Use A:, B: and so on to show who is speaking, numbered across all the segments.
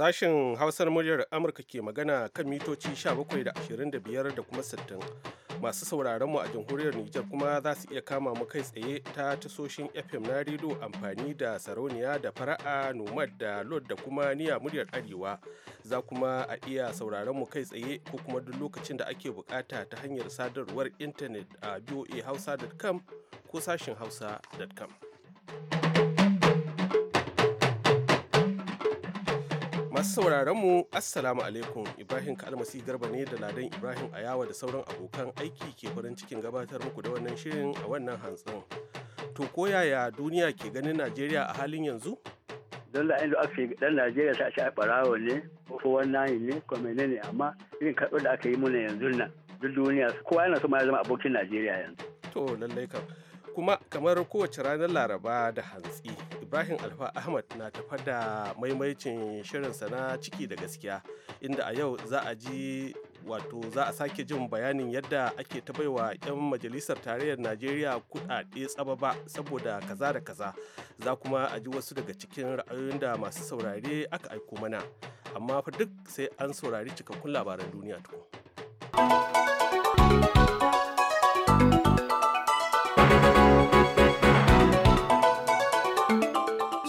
A: Sashen Hausar muryar Amurka ke magana kan mitoci 17 da 25 da kuma 60. Masu sauraron mu a jamhuriyar Nijar kuma za su iya kama mu kai tsaye ta tasoshin FM na rido amfani da sarauniya da fara'a nomad da lod da kuma niya muryar arewa. Za kuma a iya sauraron mu kai tsaye ko kuma duk lokacin da ake bukata ta hanyar sadarwar intanet a voahausa.com ko sashen hausa.com. Masu sauraron mu Assalamu alaikum Ibrahim Kalmasi Garba ne da Ladan Ibrahim Ayawa da sauran abokan aiki ke farin cikin gabatar muku da wannan shirin a wannan hantsin. To koyaya duniya ke ganin Najeriya a halin
B: yanzu? Don da yanzu aka dan Najeriya ta shi barawo ne ko wannan ne ko ne amma irin kaɗo da aka yi mana yanzu na duk duniya kowa yana so ma ya zama abokin Najeriya yanzu.
A: To lallai Kuma kamar kowace ranar Laraba da hantsi Ibrahim Alfa Ahmad na tafa da maimaicin shirinsa na ciki da gaskiya inda a yau za a ji wato za a sake jin bayanin yadda ake ta baiwa 'yan majalisar tarayyar Najeriya kudade tsababa saboda kaza da kaza za kuma a ji wasu daga cikin ra'ayoyin da masu saurare aka aiko mana amma fa duk sai an saurari cikakkun labaran duniya tukun.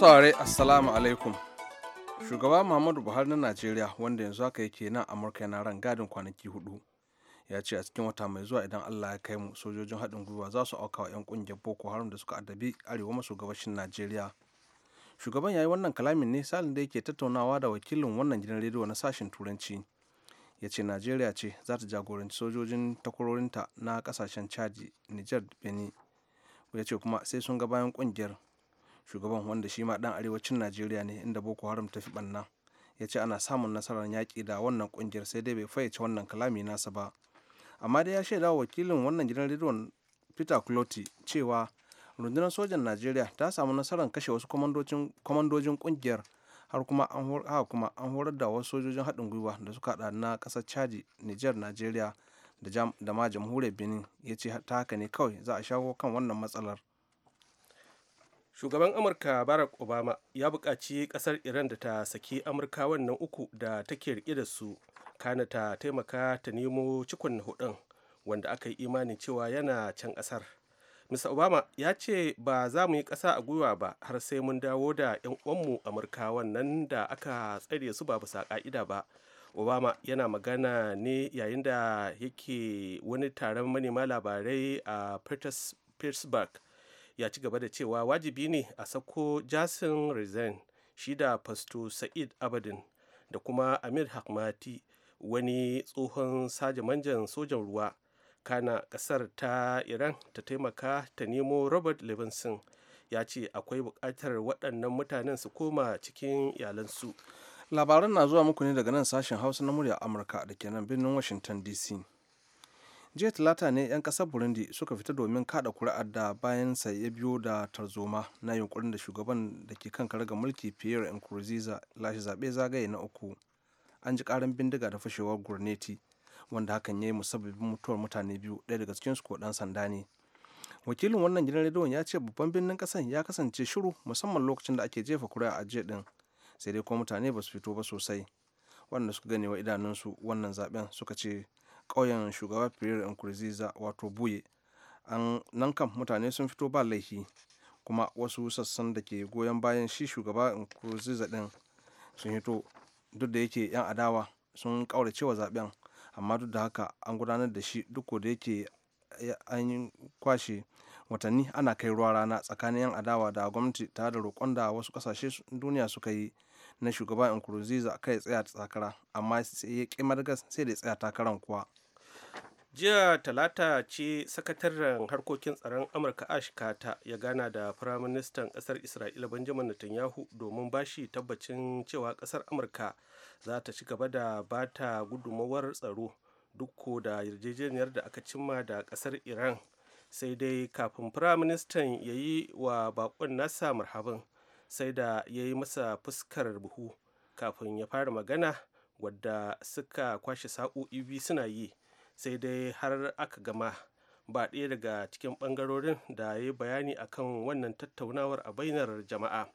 C: saurare assalamu alaikum shugaba muhammadu buhari na najeriya wanda yanzu haka yake nan amurka yana ran gadin kwanaki hudu ya ce a cikin wata mai zuwa idan allah ya kai mu sojojin haɗin gwiwa za su auka wa 'yan ƙungiyar boko haram da suka addabi arewa maso gabashin najeriya shugaban ya yi wannan kalamin ne salin da yake tattaunawa da wakilin wannan gidan rediyo na sashen turanci ya ce najeriya ce za ta jagoranci sojojin takwarorinta na kasashen chad niger benin ya ce kuma sai sun ga bayan kungiyar shugaban wanda shi ma dan arewacin najeriya ne inda boko haram ta fi banna ya ce ana samun nasarar yaƙi da wannan kungiyar sai dai bai fayyace wannan kalami nasa ba amma dai ya shaida wa wakilin wannan gidan rediyon peter cloti cewa rundunar sojan najeriya ta samu nasarar kashe wasu kwamandojin ƙungiyar har kuma an kuma an horar da wasu sojojin haɗin gwiwa da suka haɗa na ƙasar chadi niger najeriya da ma jamhuriyar benin ya ce ta haka ne kawai za a shawo kan wannan matsalar
A: shugaban amurka barack obama ya buƙaci ƙasar iran da ta saki amurkawan nan uku da take riƙe da su kana ta taimaka ta nemo cikon hudun wanda aka yi imanin cewa yana can ƙasar mr obama ya ce ba za mu yi ƙasa a gwiwa ba har sai mun dawo da 'yan uwanmu amurkawan nan da aka tsare su ba bisa ƙa'ida ba obama yana magana ne yayin da yake wani taron manema labarai a pittsburgh ya ci gaba da cewa wajibi ne a sako jasin rezan shi da fasto sa'id abadin da kuma amir hakmati wani tsohon saje manjan sojan ruwa kana kasar ta iran ta taimaka ta nemo robert levinson ya ce akwai buƙatar waɗannan mutanen su koma cikin iyalansu
C: labaran na zuwa muku ne daga nan sashen hausa na murya amurka da ke birnin washington dc jiya talata ne 'yan kasar burundi suka fita domin kada kuri'ar da bayan sa ya biyo da tarzoma na yunkurin da shugaban da ke kan karga mulki pierre nkurunziza lashe zaɓe zagaye na uku an ji karin bindiga da fashewar gurneti wanda hakan ya yi musabbabin mutuwar mutane biyu ɗaya daga cikinsu ko ɗan sanda ne wakilin wannan gidan rediyon ya ce babban birnin kasan ya kasance shiru musamman lokacin da ake jefa kuri'a a jiya din sai dai kuma mutane ba su fito ba sosai wannan suka gane wa idanunsu wannan zaben suka ce ƙauyen shugaba pierre nkurunziza wato buye nan kan mutane sun fito ba laifi kuma wasu sassan da ke goyon bayan shi shugaba nkurunziza din sun hito duk da yake 'yan adawa sun ƙaurace wa zaben amma duk da haka an gudanar da shi duk da yake an yi kwashe watanni ana kai ruwa rana tsakanin 'yan adawa da gwamnati tare da roƙon da wasu ƙasashe duniya suka yi na shugaba nkurunziza kai tsaya takara amma sai ya ƙi sai da tsaya takaran kuwa
A: jiya talata ce sakataren harkokin tsaron amurka ash kata ya gana da firaministan ƙasar isra'ila benjamin netanyahu domin bashi tabbacin cewa ƙasar amurka za ta ci gaba da ba ta gudunmawar tsaro duk da yarjejeniyar da aka cimma da ƙasar iran sai dai kafin firaministan ya yi wa bakon nasa marhaban sai da ya yi masa fuskar buhu kafin ya fara magana wadda suka kwashe sa'o'i biyu suna yi sai dai har aka gama ba ɗaya daga cikin ɓangarorin da ya yi bayani akan wannan tattaunawar a bainar jama'a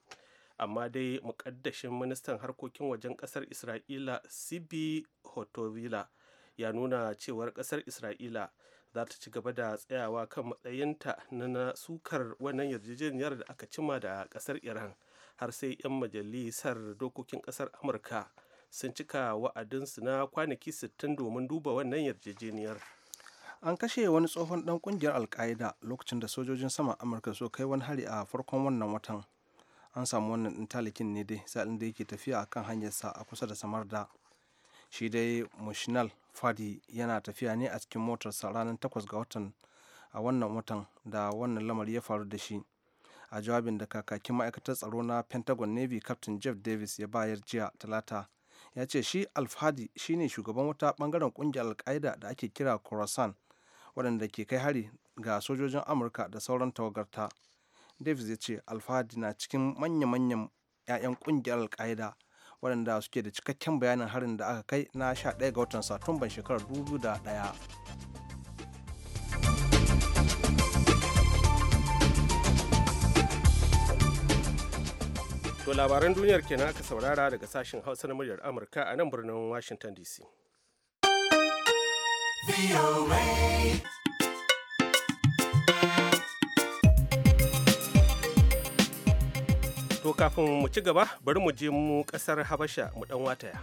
A: amma dai muƙaddashin ministan harkokin wajen ƙasar isra'ila sibi hotovila ya nuna cewar ƙasar isra'ila za ta ci gaba da tsayawa kan matsayinta na sukar wannan yarjejeniyar da aka cima da ƙasar iran har sai 'yan majalisar dokokin ƙasar amurka sun cika wa'adinsu na kwanaki 60 domin duba wannan yarjejeniyar
C: an kashe wani tsohon dan kungiyar alkaida lokacin da sojojin sama amurka so kai wani hari a farkon wannan watan an samu wannan ɗin ne dai sa'in da yake tafiya akan hanyarsa a kusa da samar da shi dai mushinal fadi yana tafiya ne a cikin motarsa ranar 8 ga watan a wannan watan da wannan lamari ya faru da shi a jawabin da kakakin ma'aikatar tsaro na pentagon navy captain jeff davis ya bayar jiya talata ya ce shi alfahadi shine shugaban wata bangaren kungiyar alkaida da ake kira khorasan waɗanda ke kai hari ga sojojin amurka da sauran tawagarta davis ya ce alfahadi na cikin manya-manyan 'ya'yan kungiyar alkaida waɗanda suke da cikakken bayanin harin da aka kai na 11 ga watan satumban shekarar 2001
A: To labaran duniyar kenan aka saurara daga sashen Hausa na muryar Amurka a nan birnin Washington DC. To kafin mu ci gaba bari mu je mu kasar Habasha mu dan wataya.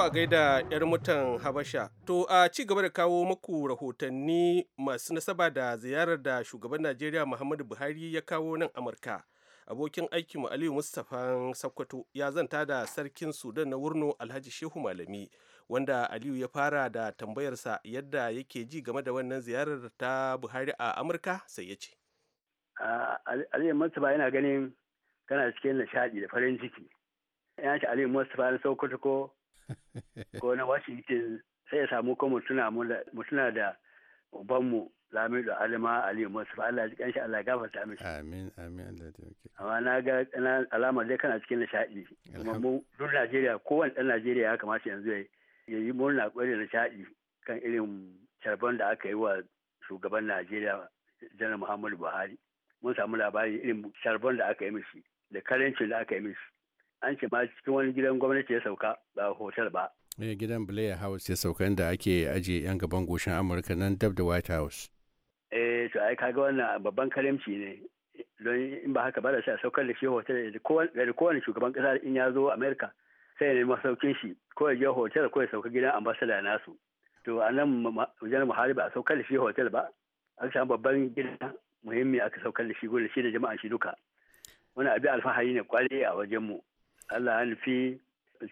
A: a gaida 'yar mutan Habasha. To a ci gaba da kawo maku rahotanni masu nasaba da ziyarar da shugaban Najeriya Muhammadu Buhari ya kawo nan Amurka. Abokin aikinmu Aliyu Mustapha Sakkwato ya zanta da sarkin Sudan na Wurno Alhaji Shehu Malami, wanda Aliyu ya fara da tambayarsa yadda yake ji game da wannan ziyarar ta Buhari a Amurka sai ya ce.
B: Aliyu Mustapha yana ganin kana cikin nishaɗi da farin ciki. Yana ce Aliyu Mustapha na Sokoto ko ko na washington sai ya samu ko suna da ubanmu lamido alima ali musu Allah ji kanshi Allah gafarta mishi amin amin
D: Allah ta yake
B: amma na ga alamar dai kana cikin nishadi kuma mu duk Najeriya kowane dan Najeriya ya kamata yanzu ya yi murna kwarai nishadi kan irin carbon da aka yi wa shugaban Najeriya Janar Muhammadu Buhari mun samu labari irin carbon da aka yi mishi da karancin da aka yi mishi an ce ma cikin wani gidan gwamnati ya sauka ba hotel ba
E: eh gidan Blair House ya sauka inda ake ajiye yan gaban goshin Amurka nan dab da White House
B: eh to ai kaga wannan babban karimci ne don in ba haka ba da sai a saukar da shi hotel da kowane shugaban kasa in ya zo Amerika sai ya nemi saukin shi ko ya je hotel ko ya sauka gidan ambassador nasu to a nan wajen muhari ba a saukar da shi hotel ba aka samu babban gida muhimmi aka saukar da shi gudu shi da jama'a shi duka wani abin alfahari ne kwarai a wajen mu. Allah ya nufi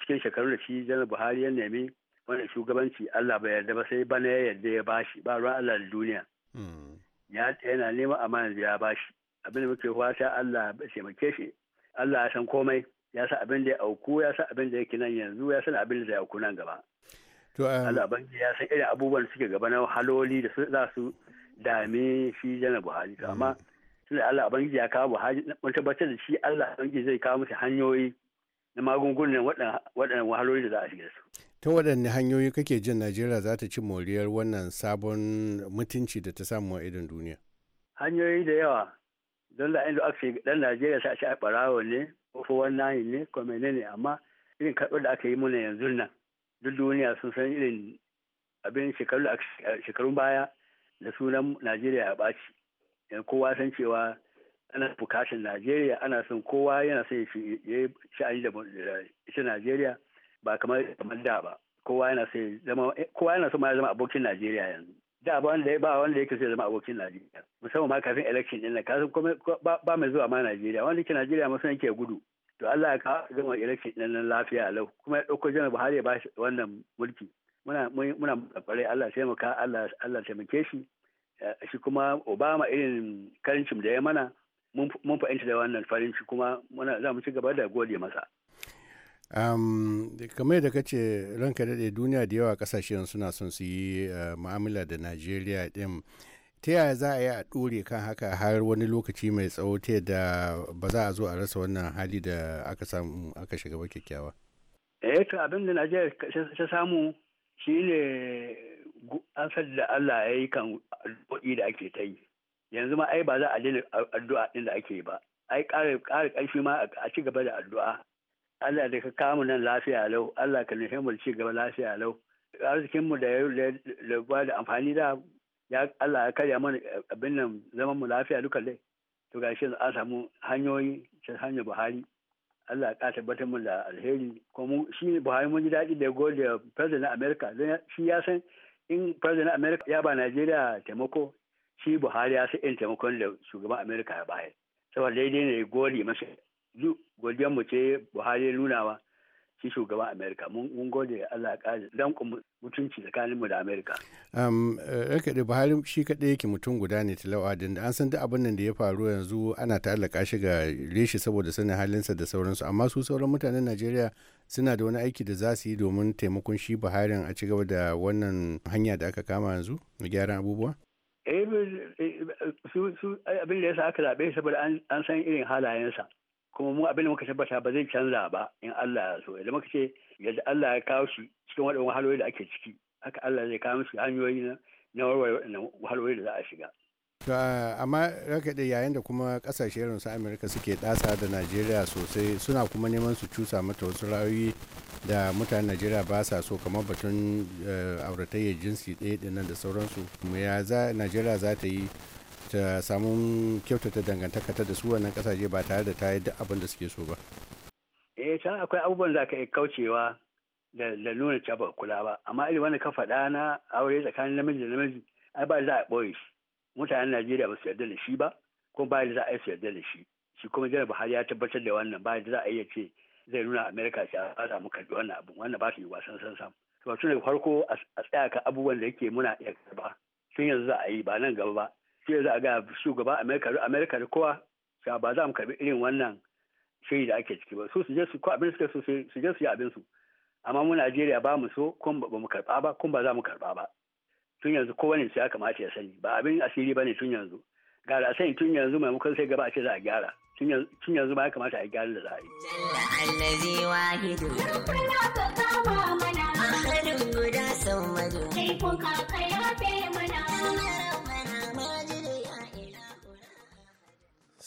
B: cikin shekarun da shi jana Buhari ya nemi wani shugabanci Allah bai yarda ba sai bana ya yarda ya bashi ba ruwan Allah da duniya. Hmm. Ya yana neman amana da ya bashi abin da muke sai Allah ya taimake shi Allah ya san komai ya san abin da ya auku ya san abin da yake nan yanzu ya san abin da zai auku nan gaba. To um, Allah ban ya san irin abubuwan da suke gaba na haloli da za su dame shi jana Buhari amma hmm. Allah abangiji ya kawo Buhari mun tabbatar da shi Allah abangiji zai kawo musu hanyoyi na magungunan waɗannan wahaloli da za a shiga su.
E: Ta waɗanne hanyoyi kake jin Najeriya za ta ci moriyar wannan sabon mutunci da ta samu a idon duniya?
B: Hanyoyi da yawa don da inda aka ɗan Najeriya sa shi a ɓarawo ne, ko nahi ne, ko menene amma irin karɓar da aka yi mana yanzu nan duk duniya sun san irin abin shekarun baya da sunan Najeriya ya ɓaci. Kowa san cewa ana bukatar najeriya ana son kowa yana son ya sha'ani da ita najeriya ba kamar kamar da ba kowa yana son zama kowa yana son ma zama abokin najeriya yanzu da ba wanda ba wanda yake son zama abokin najeriya musamman ma kafin election din nan kafin ba mai zuwa ma najeriya wanda yake najeriya musamman yake gudu to Allah ya kawo zama election din nan lafiya lau kuma ya ɗauko janar Buhari ya ba wannan mulki muna muna kware Allah taimaka Allah Allah taimake shi eh, shi kuma Obama irin karancin da ya mana mun fahimci da wannan farin ciki kuma za mu ci gaba da gode masa
E: um, kamar ka ce ranka daɗe duniya da yawa ƙasashen suna son su yi uh, da najeriya ɗin ta yaya za a yi a ɗore kan haka har wani lokaci mai tsawo ta da ba za a zo a rasa wannan hali da aka samu aka shiga ba kyakkyawa eh to abin da najeriya
B: ta samu shine asar da allah ya yi kan da ake ta yi yanzu ma ai ba za a daina addu'a din da ake ba ai ƙara ƙarfi ma a ci gaba da addu'a Allah da ka kamu nan lafiya lau Allah ka nufi mu ci gaba lafiya lau arzikin mu da ya ba da amfani da ya Allah ya karya mana abin nan zaman mu lafiya duka dai to gashi an samu hanyoyi ta hanyar Buhari Allah ya tabbatar mu da alheri ko mu shi Buhari mun ji daɗi da gode president America shi ya san in president America ya ba Najeriya taimako shi buhari ya sai taimakon da shugaban amerika ya bayar saboda daidai ne gori masa godiyar mu ce buhari ya nuna wa shi shugaban amerika mun gode allah ƙari danƙon mutunci tsakanin mu da amerika
E: eh, raka da buhari shi kaɗai yake mutum guda ne talawa da an san duk abin nan da ya faru yanzu ana ta'allaka shi ga reshi saboda sanin halinsa da sauransu amma su sauran mutanen najeriya suna da wani aiki da za su yi domin taimakon shi buhari a ci gaba da wannan hanya da aka kama yanzu na gyaran abubuwa
B: Eh, eh, abin da sa aka zaɓe saboda an san irin halayensa kuma mu abin da muka tabbata ba zai canza ba in Allah ya so idan muka ce yadda Allah ya kawo shi cikin waɗannan wahaloli da ake ciki haka Allah zai kawo shi hanyoyi na warware waɗannan da za a shiga
E: to eh, amma raka da yayin da kuma kasashe irin su Amerika suke ɗasa da Najeriya sosai suna kuma neman su cusa mata wasu ra'ayoyi da mutanen najeriya ba sa so kamar batun eh, auratayyar jinsi ɗaya ɗin da sauransu kuma ya za najeriya za ta yi ta samu kyautata dangantaka ta da su wannan kasashe ba tare da ta yi duk abin da suke so ba
B: eh can akwai abubuwan za ka iya kaucewa da nuna ba kula ba amma irin wani ka faɗa na aure tsakanin namiji da namiji ai ba za a ɓoye shi mutanen najeriya ba su yarda da shi ba ko ba za a yi su yarda da shi shi kuma jihar buhari ya tabbatar da wannan ba za a iya ce zai nuna amerika cewa ba za mu karbi wannan abu wannan ba su yi wasan san sam to tun daga farko a tsaya ka abubuwan da yake muna iya karba tun yanzu za a yi ba nan gaba ba sai yanzu a ga su gaba amerika da amerika da kowa ga ba za mu karbi irin wannan shiri da ake ciki ba su su je su ko abin su su su je su yi abin su amma mu najeriya ba mu so kun ba mu karba ba kun ba za mu karba ba tun yanzu kowane su ya kamata ya sani ba abin asiri ba ne tun yanzu gara sai tun yanzu maimakon sai gaba ce za a gyara tun yanzu ba ya kamata a yi gyara da za a yi.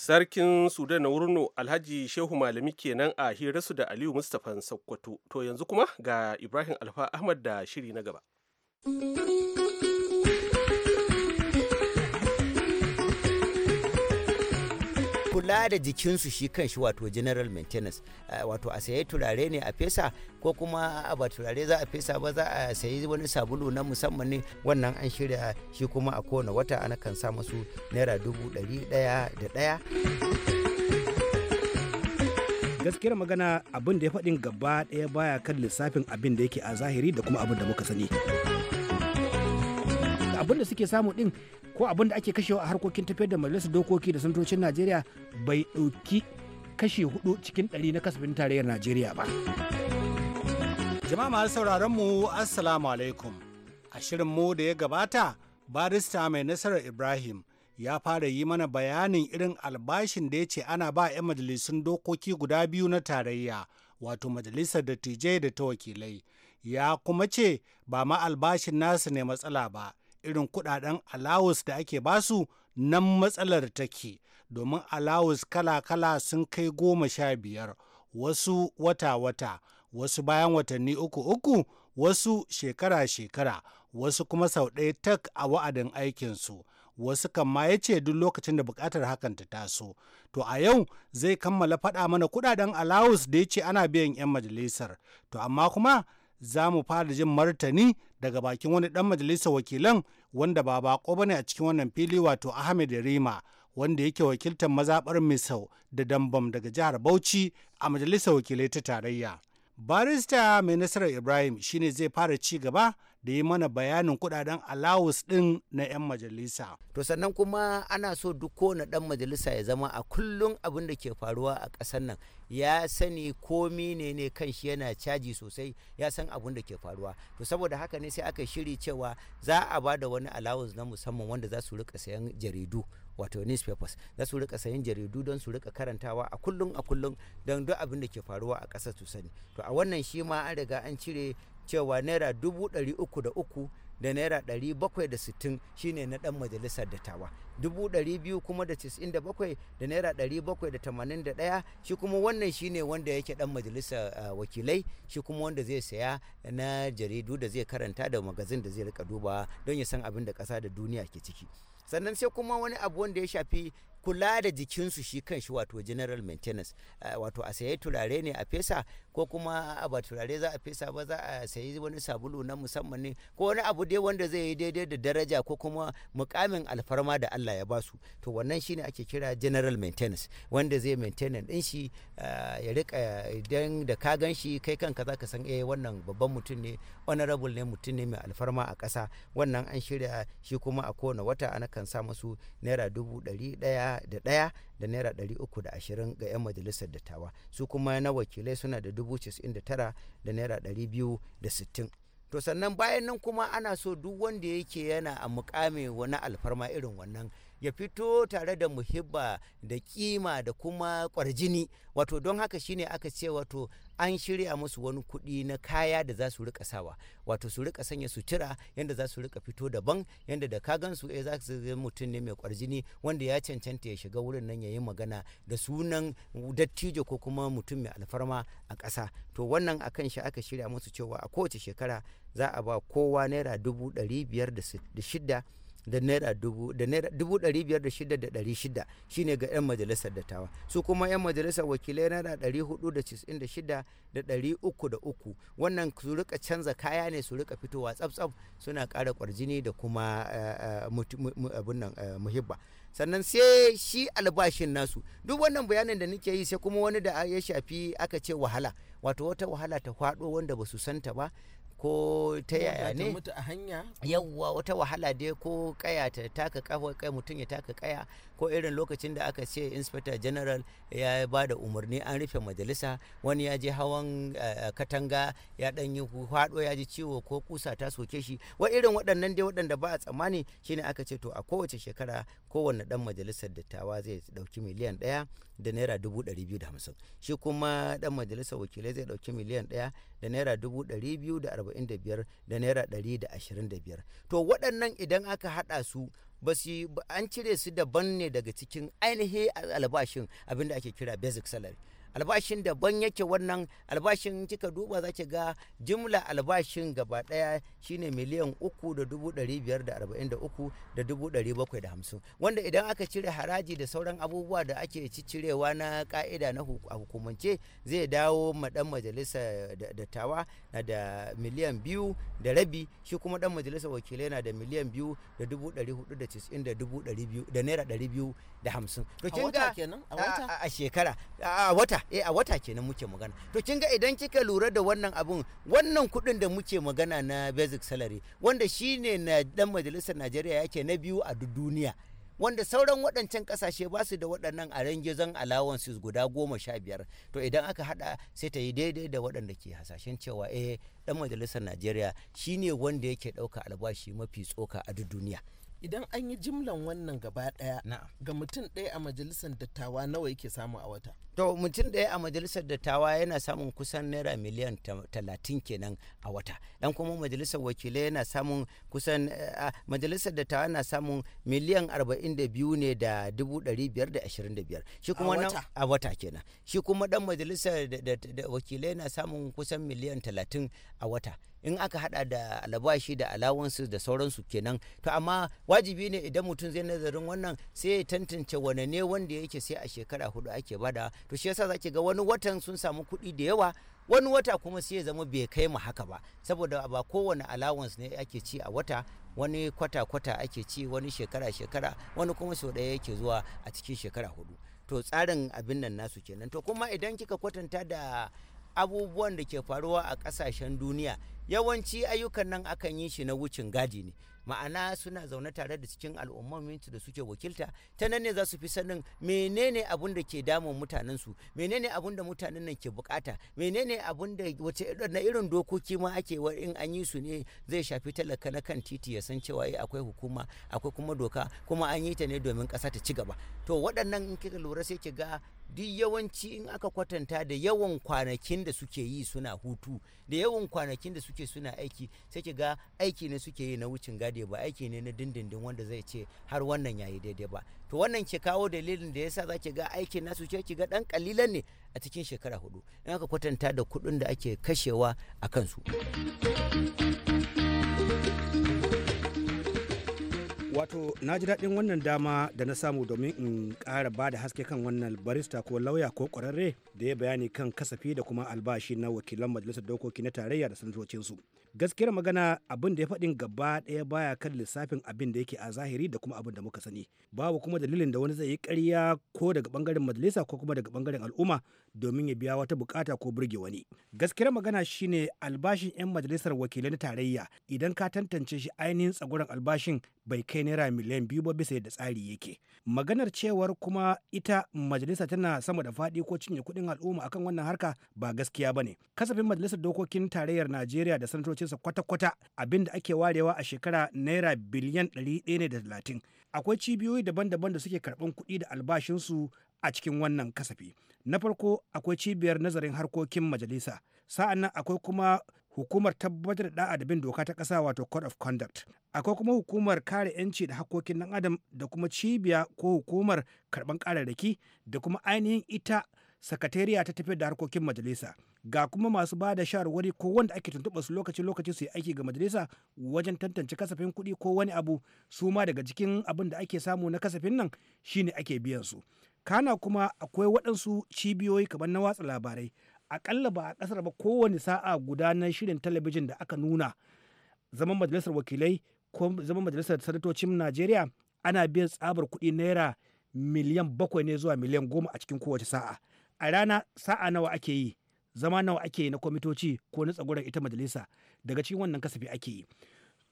A: Sarkin Sudan na Wurno Alhaji Shehu Malami kenan a hirarsu da Aliyu Mustapha Sokoto. To yanzu kuma ga Ibrahim Alfa Ahmad da shiri na gaba.
F: kula da jikinsu shi kan shi wato general maintenance eh, wato a sayi turare ne a fesa ko kuma ba turare za a fesa ba za a sayi wani sabulu na musamman ne wannan an shirya shi kuma a kowane wata ana kan sa masu naira dubu ɗari ɗaya da ɗaya.
G: gaskiyar magana abin da ya faɗin gaba ɗaya baya kan lissafin abin da yake a zahiri da kuma abin da muka sani. abin da suke samu din ko abin da ake kashewa a harkokin tafiyar da majalisar dokoki da santocin najeriya bai ɗauki
H: kashe hudu cikin ɗari na kasafin tarayyar najeriya ba jama'a masu sauraron mu assalamu alaikum a shirin mu da ya gabata barista mai nasarar ibrahim ya fara yi mana bayanin irin albashin da ya ce ana ba 'yan majalisun dokoki guda biyu na tarayya wato majalisar dattijai da ta wakilai ya kuma ce ba ma albashin nasu ne matsala ba irin kudaden alawus da ake basu nan matsalar take domin alawus kala-kala sun kai goma sha biyar wasu wata-wata wasu bayan watanni uku-uku wasu shekara-shekara wasu kuma sau ɗaya tak a wa'adin aikinsu wasu kan ma ya ce duk lokacin da bukatar hakan ta taso to a yau zai kammala faɗa mana kudaden alawus da ya ce ana biyan 'yan majalisar to amma kuma za mu fara jin martani daga bakin wani dan majalisar wakilan wanda ba bako ne a cikin wannan fili wato Ahmed Rima wanda yake wakiltar mazaɓar Misau da Dambam daga jihar Bauchi a majalisar wakilai ta tarayya. Barista mai nasarar Ibrahim shine zai fara ci gaba da yi mana bayanin kudaden alawus din na 'yan majalisa.
F: To sannan kuma ana so duk kowane dan majalisa ya zama a kullum abin da ke faruwa a ƙasar nan ya sani komi ne ne kan shi yana caji sosai ya san abin da ke faruwa. To saboda haka ne sai aka shiri cewa za a ba da wani alawus na musamman wanda za su rika sayan jaridu wato newspapers za su rika sayan jaridu don su rika karantawa a kullum a kullum don duk abin da ke faruwa a ƙasar su sani to a wannan shi ma an riga an cire cewa naira dubu ɗari uku da uku da naira ɗari bakwai da sittin shine na ɗan majalisar dattawa dubu ɗari biyu kuma da cisin da bakwai da naira ɗari bakwai da tamanin da ɗaya shi kuma wannan shine wanda yake ɗan majalisar wakilai shi kuma wanda zai saya na jaridu da zai karanta da magazin da zai rika dubawa don ya san abin da ƙasa da duniya ke ciki sannan sai kuma wani abu wanda ya shafi kula da jikinsu shi kan shi wato general maintenance ah, wato a sayi turare ne a fesa ko kuma a ba turare za a fesa ba za a sayi wani sabulu na musamman ne ko wani abu dai wanda zai yi daidai da daraja ko kuma mukamin alfarma da Allah ya basu to wannan ne ake kira general maintenance wanda zai maintenance din shi ah, ya rika idan da ka gan shi kai kanka za ka san eh wannan babban mutum ne honorable ne mutum ne mai alfarma a ƙasa wannan an shirya shi kuma a kowane wata ana kan sa masu naira dubu ɗari ɗaya da ɗaya da naira ɗari uku da ashirin ga 'yan majalisar dattawa su kuma na wakilai suna da dubu casa'in da tara da naira ɗari biyu da sittin to sannan bayan nan kuma ana so duk wanda yake yana a mukame wani alfarma irin wannan ya fito tare da muhibba da kima da kuma kwarjini wato don haka shine aka ce wato an shirya musu wani kuɗi na kaya da za su rika sawa wato su rika sanya sutura yadda za su rika fito daban yadda da ka gansu eh za su zama mutum ne mai kwarjini wanda ya cancanta ya shiga wurin nan ya yi magana da sunan dattijo ko kuma mutum mai alfarma a ƙasa to wannan akan shi aka shirya musu cewa a kowace shekara za a ba kowa naira dubu ɗari biyar da shida da naira dubu da naira dubu ɗari biyar da shida da ɗari shida shine ga 'yan majalisar dattawa su kuma 'yan majalisar wakilai naira ɗari hudu da cisin da shida da ɗari uku da uku wannan su rika canza kaya ne su rika fitowa tsaf suna ƙara kwarjini da kuma eh, eh, abin eh, muhibba sannan sai shi albashin nasu duk wannan bayanin da nake yi sai kuma wani da ya shafi aka ce wahala wato wata wahala ta kwado wanda ba su santa ba ko ta yaya ne yawwa wata wahala dai ko kaya ta taka kafa kai mutum ya taka kaya ko irin lokacin da aka ce inspector general ya ba da umarni an rufe majalisa wani ya je hawan eh, katanga ya dan yi hado ya ji ciwo ko kusa ta soke shi wa irin waɗannan dai waɗanda ba a tsammani shine aka ce to a kowace shekara kowanne dan majalisar dattawa zai dauki miliyan ɗaya da naira dubu ɗari biyu da hamsin shi kuma ɗan majalisar wakilai zai ɗauki miliyan ɗaya da naira dubu ɗari biyu da arba'in da biyar da naira ɗari da ashirin da biyar to waɗannan idan aka haɗa su ba an cire su daban ne daga cikin ainihin albashin abinda ake kira basic salary albashin daban yake wannan albashin kika duba za ki ga jimla albashin gaba daya shine miliyan uku da dubu ɗari biyar da arba'in da uku da dubu ɗari bakwai da hamsin wanda idan aka cire haraji da sauran abubuwa da ake cirewa na ka'ida na hukumance zai dawo ma dan majalisa dattawa na da miliyan biyu da rabi shi kuma dan majalisa wakilai na da miliyan biyu da dubu ɗari hudu da cisin da dubu ɗari biyu da naira ɗari biyu da hamsin. a wata kenan a wata a shekara a wata e eh a wata kenan muke magana to kin ga idan kika lura da wannan abun wannan kuɗin da muke magana na basic salary wanda shine na dan majalisar Najeriya yake na biyu a duniya wanda sauran waɗancan ƙasashe ba su da waɗannan arangizon allowances guda goma sha biyar to idan aka haɗa sai ta yi daidai da waɗanda ke hasashen cewa eh dan majalisar najeriya shine wanda yake ɗauka albashi mafi tsoka a duk duniya
G: idan an yi jimlan wannan gaba daya ga mutum ɗaya a majalisar dattawa nawa yake samu a
F: wata to mutum ɗaya a majalisar dattawa yana samun kusan naira miliyan talatin kenan a wata dan kuma majalisar wakilai yana samun kusan eh, majalisar dattawa yana samun miliyan arba'in da biyu ne da dubu ɗari biyar da ashirin da biyar shi kuma a wata kenan shi kuma dan majalisar wakilai yana samun kusan miliyan talatin a wata in aka hada da albashi da allowances da sauransu kenan to amma wajibi ne idan mutum zai nazarin wannan sai ya tantance wane ne wanda yake sai a shekara hudu ake bada to shi yasa zaki ga wani watan sun samu kuɗi da yawa wani wata kuma sai ya zama bai kai mu haka ba saboda ba kowane allowance ne ake ci a wata wani kwata-kwata ake ci wani shekara-shekara wani kuma sau ɗaya yake zuwa a cikin shekara hudu to tsarin abin nan nasu kenan to kuma idan kika kwatanta da abubuwan da ke faruwa a kasashen duniya yawanci ayyukan nan akan yi shi na wucin gadi ne ma'ana suna zaune tare da cikin minti da suke wakilta ta nan ne za su fi sanin menene abun da ke damun mutanensu menene abun da mutanen nan ke bukata menene abun da wace na irin dokoki ma ake wa in an yi su ne zai shafi talaka na kan titi ya san cewa eh, akwai hukuma akwai kuma doka kuma an yi ta ne domin ƙasa ta ci gaba to waɗannan in kika lura sai ki ga duk yawanci in aka kwatanta da yawan kwanakin da suke yi suna hutu da yawan kwanakin da suke suna aiki sai ki ga aiki ne suke yi na wucin gadi daidai ba aiki ne na dindindin wanda zai ce har wannan yayi daidai ba to wannan ke kawo dalilin da yasa zaki ga aikin nasu ce ki ga dan kalilan ne a cikin shekara hudu in aka kwatanta da kuɗin da ake kashewa a kansu wato na ji
G: daɗin wannan dama da na samu domin in ƙara ba da haske kan wannan barista ko lauya ko ƙwararre da ya bayani kan kasafi da kuma albashi na wakilan majalisar dokoki na tarayya da sanatocinsu gaskiyar magana abin da ya faɗin gaba ɗaya baya kan lissafin abin da yake a zahiri da kuma abin da muka sani babu kuma dalilin da wani zai yi ƙarya ko daga ɓangaren majalisa ko kuma daga ɓangaren al'umma domin ya biya wata bukata ko burge wani gaskiyar magana shine albashin 'yan majalisar wakilai na tarayya idan ka tantance shi ainihin tsaguran albashin bai kai naira miliyan biyu ba bisa yadda tsari yake maganar cewar kuma ita majalisa tana sama da faɗi ko cinye kuɗin al'umma akan wannan harka ba gaskiya ne. kasafin majalisar dokokin tarayyar najeriya da sanatoci albarkacinsa kwata-kwata abin da ake warewa a shekara naira biliyan 130 akwai cibiyoyi daban-daban da suke karɓan kuɗi da albashinsu a cikin wannan kasafi na farko akwai cibiyar nazarin harkokin majalisa sa'an nan akwai kuma hukumar tabbatar da da bin doka ta ƙasa wato code of conduct akwai kuma hukumar kare 'yanci da harkokin ɗan adam da kuma cibiya ko hukumar karɓan ƙararraki da kuma ainihin ita sakatariya ta tafiyar da harkokin majalisa ga kuma masu ba da shawarwari ko wanda ake tuntuɓa su lokaci lokaci su yi aiki ga majalisa wajen tantance kasafin kuɗi ko wani abu su ma daga cikin abin da ake samu na kasafin nan shine ake biyan su kana kuma akwai waɗansu cibiyoyi kamar na watsa labarai akalla ba a ƙasar ba kowane sa'a guda na shirin talabijin da aka nuna zaman majalisar wakilai ko zaman majalisar sanatocin najeriya ana biyan tsabar kuɗi naira miliyan bakwai ne zuwa miliyan goma a cikin kowace sa'a a rana sa'a nawa ake yi zama nawa ake yi na kwamitoci ko na tsagurar ita majalisa daga cikin wannan kasafi ake yi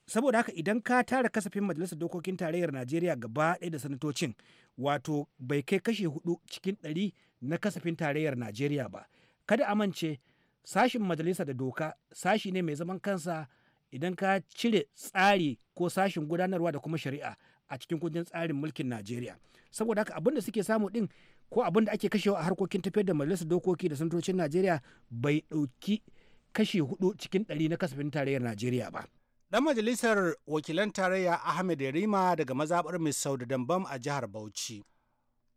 G: saboda haka idan ka tara kasafin majalisar dokokin tarayyar najeriya gaba ɗaya da sanatocin wato bai kai kashe hudu cikin ɗari na kasafin tarayyar najeriya ba kada amince sashin majalisa da doka sashi ne mai zaman kansa idan ka cire tsari ko sashin gudanarwa da kuma shari'a a cikin kundin tsarin mulkin najeriya saboda haka abinda suke samu ɗin ko abin da ake kashewa a harkokin tafiyar da majalisar dokoki da santocin najeriya bai ɗauki kashe hudu cikin ɗari na kasafin
H: tarayyar najeriya ba dan majalisar wakilan tarayya ahmed yarima daga mazaɓar misau da dambam a jihar bauchi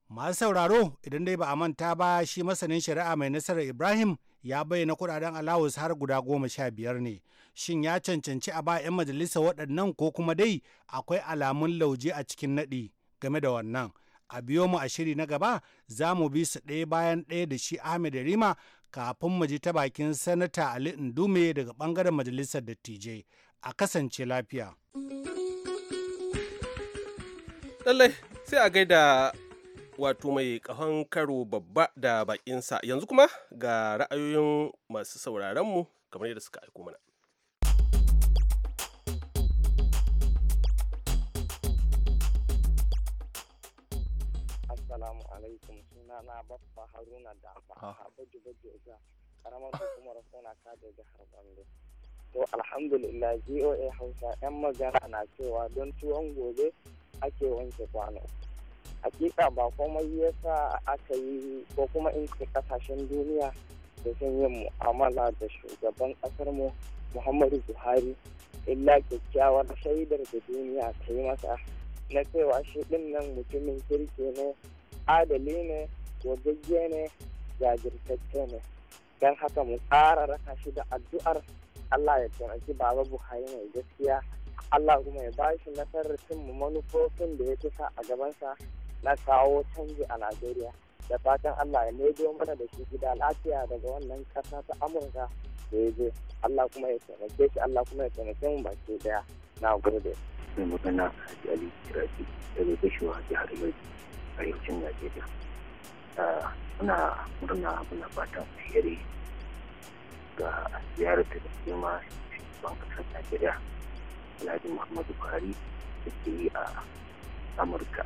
H: masu sauraro idan dai ba a manta ba shi masanin shari'a mai nasarar ibrahim ya bayyana kudaden alawus har guda goma sha biyar ne shin ya cancanci a ba 'yan majalisa waɗannan ko kuma dai akwai alamun lauje a cikin naɗi game da wannan a biyo mu a shiri na gaba za mu bi su ɗaya bayan ɗaya da shi ahmed rima kafin mu ji ta bakin sanata ali indume daga ɓangaren majalisar dattijai a kasance lafiya
A: lallai sai a gaida wato mai kahon karo babba da bakinsa yanzu kuma ga ra'ayoyin masu sauraronmu kamar yadda suka aiko mana
I: sunana Baffa Haruna da Baha ah. Baji Baji ga karamar hukumar suna kada jihar Gombe. To alhamdulillah goa Hausa 'yan magana na cewa don tuwon gobe ake wanke kwano. Hakika ba komai yasa aka yi ko kuma in ce kasashen duniya da sun yi mu'amala da shugaban ƙasar mu Muhammadu Buhari illa kyakkyawar shaidar da duniya ta yi masa na cewa shi ɗin nan mutumin kirki ne adali ne wajajje ne jajirtacce ne don haka mu ƙara raka shi da addu'ar Allah ya taimaki baba Buhari mai gaskiya Allah kuma ya ba shi nasarar mu manufofin da ya kusa a gabansa na kawo canji a Najeriya da fatan Allah ya nemo mana da shi gida lafiya daga wannan ƙasa ta Amurka da ya je Allah kuma ya taimake shi Allah kuma ya taimake mu baki daya
J: na gode mai magana Alhaji Ali Kiraji daga Gashuwa jihar Yobe yankin Najeriya muna murna muna fatan alheri ga ziyarar da kima shugaban kasar najeriya alhaji muhammadu buhari da ke yi a amurka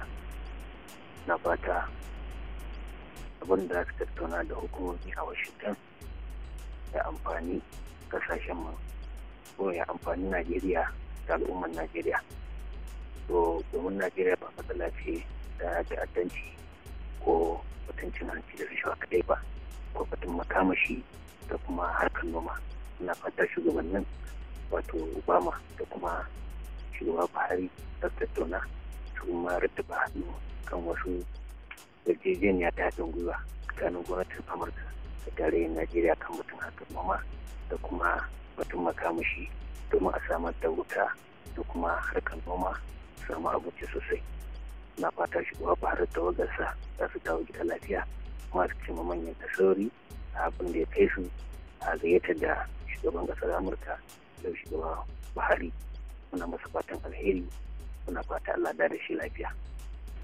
J: na fata abin da aka tattauna da hukumomi a washington ya amfani kasashen mu ko ya amfani najeriya da al'ummar najeriya to domin najeriya ba matsala ce da ta'addanci ko mutuncin cin hanci da rashawa kadai ba ko batun makamashi da kuma harkar noma na fatar shugabannin wato obama da kuma shugaba buhari da tattauna su ma rattaba hannu kan wasu yarjejeniya ta haɗin gwiwa tsakanin gwamnatin amurka da tarayyar najeriya kan batun harkar noma da kuma batun makamashi domin a samar da wuta da kuma harkar noma samu abinci sosai na fata shi kuma fara wagarsa za su dawo gida lafiya kuma su ce manyan sauri a abin da ya kai su a gayyatar da shugaban kasar amurka da shugaba buhari muna masa fatan alheri muna fata allah da da shi lafiya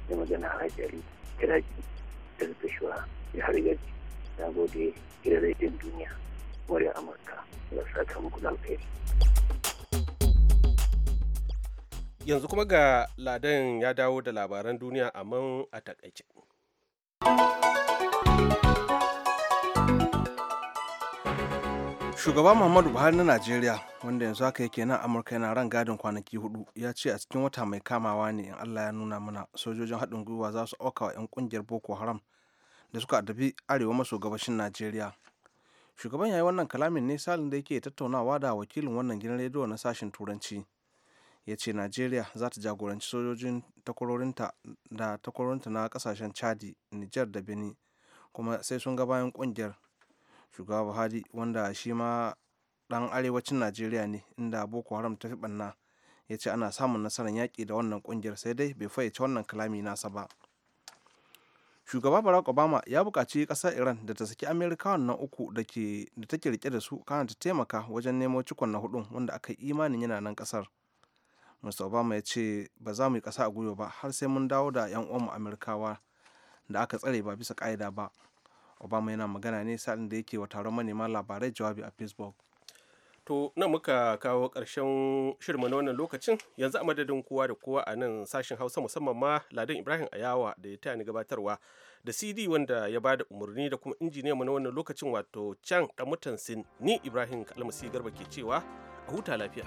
J: da magana alhaji hajjari kiraji da zuka shuwa ya hargaji na gode gidan duniya muryar amurka
A: da sakamakon alheri. yanzu kuma ga ladan ya dawo da labaran duniya amma a takaice
C: shugaba muhammadu buhari na najeriya wanda yanzu haka yake nan amurka yana ran gadin kwanaki hudu ya ce a cikin wata mai kamawa ne in allah ya nuna mana sojojin haɗin gwiwa za su auka wa 'yan kungiyar boko haram da suka adabi arewa maso gabashin najeriya shugaban ya yi wannan kalamin ne salin da yake tattaunawa da wakilin wannan gidan rediyo na sashen turanci ya ce najeriya za ta jagoranci sojojin takwarorinta da takwarorinta na kasashen chadi niger da benin kuma sai sun ga bayan kungiyar shugaba buhari wanda shi ma dan arewacin najeriya ne inda boko haram ta fi banna ya ce ana samun nasarar yaƙi da wannan kungiyar sai dai bai fayyace wannan kalami nasa ba shugaba barack obama ya buƙaci ƙasar iran da ta saki amerikawan na uku da take rike da su kana ta taimaka wajen nemo cikon na hudun wanda aka yi imanin yana nan ƙasar mr obama ya ce ba za mu yi ƙasa a gwiwa ba har sai mun dawo da 'yan uwanmu amurkawa da aka tsare ba bisa ka'ida ba obama yana magana ne sa'in da yake wa taron manema labarai jawabi a facebook
A: to nan muka kawo karshen shirma na wannan lokacin yanzu a madadin kowa da kowa a nan sashen hausa musamman ma ladan ibrahim ayawa da ya taya ni gabatarwa da cd wanda ya ba da umarni da kuma injiniya mu na wannan lokacin wato can mutan sin ni ibrahim kalmasi garba ke cewa a huta lafiya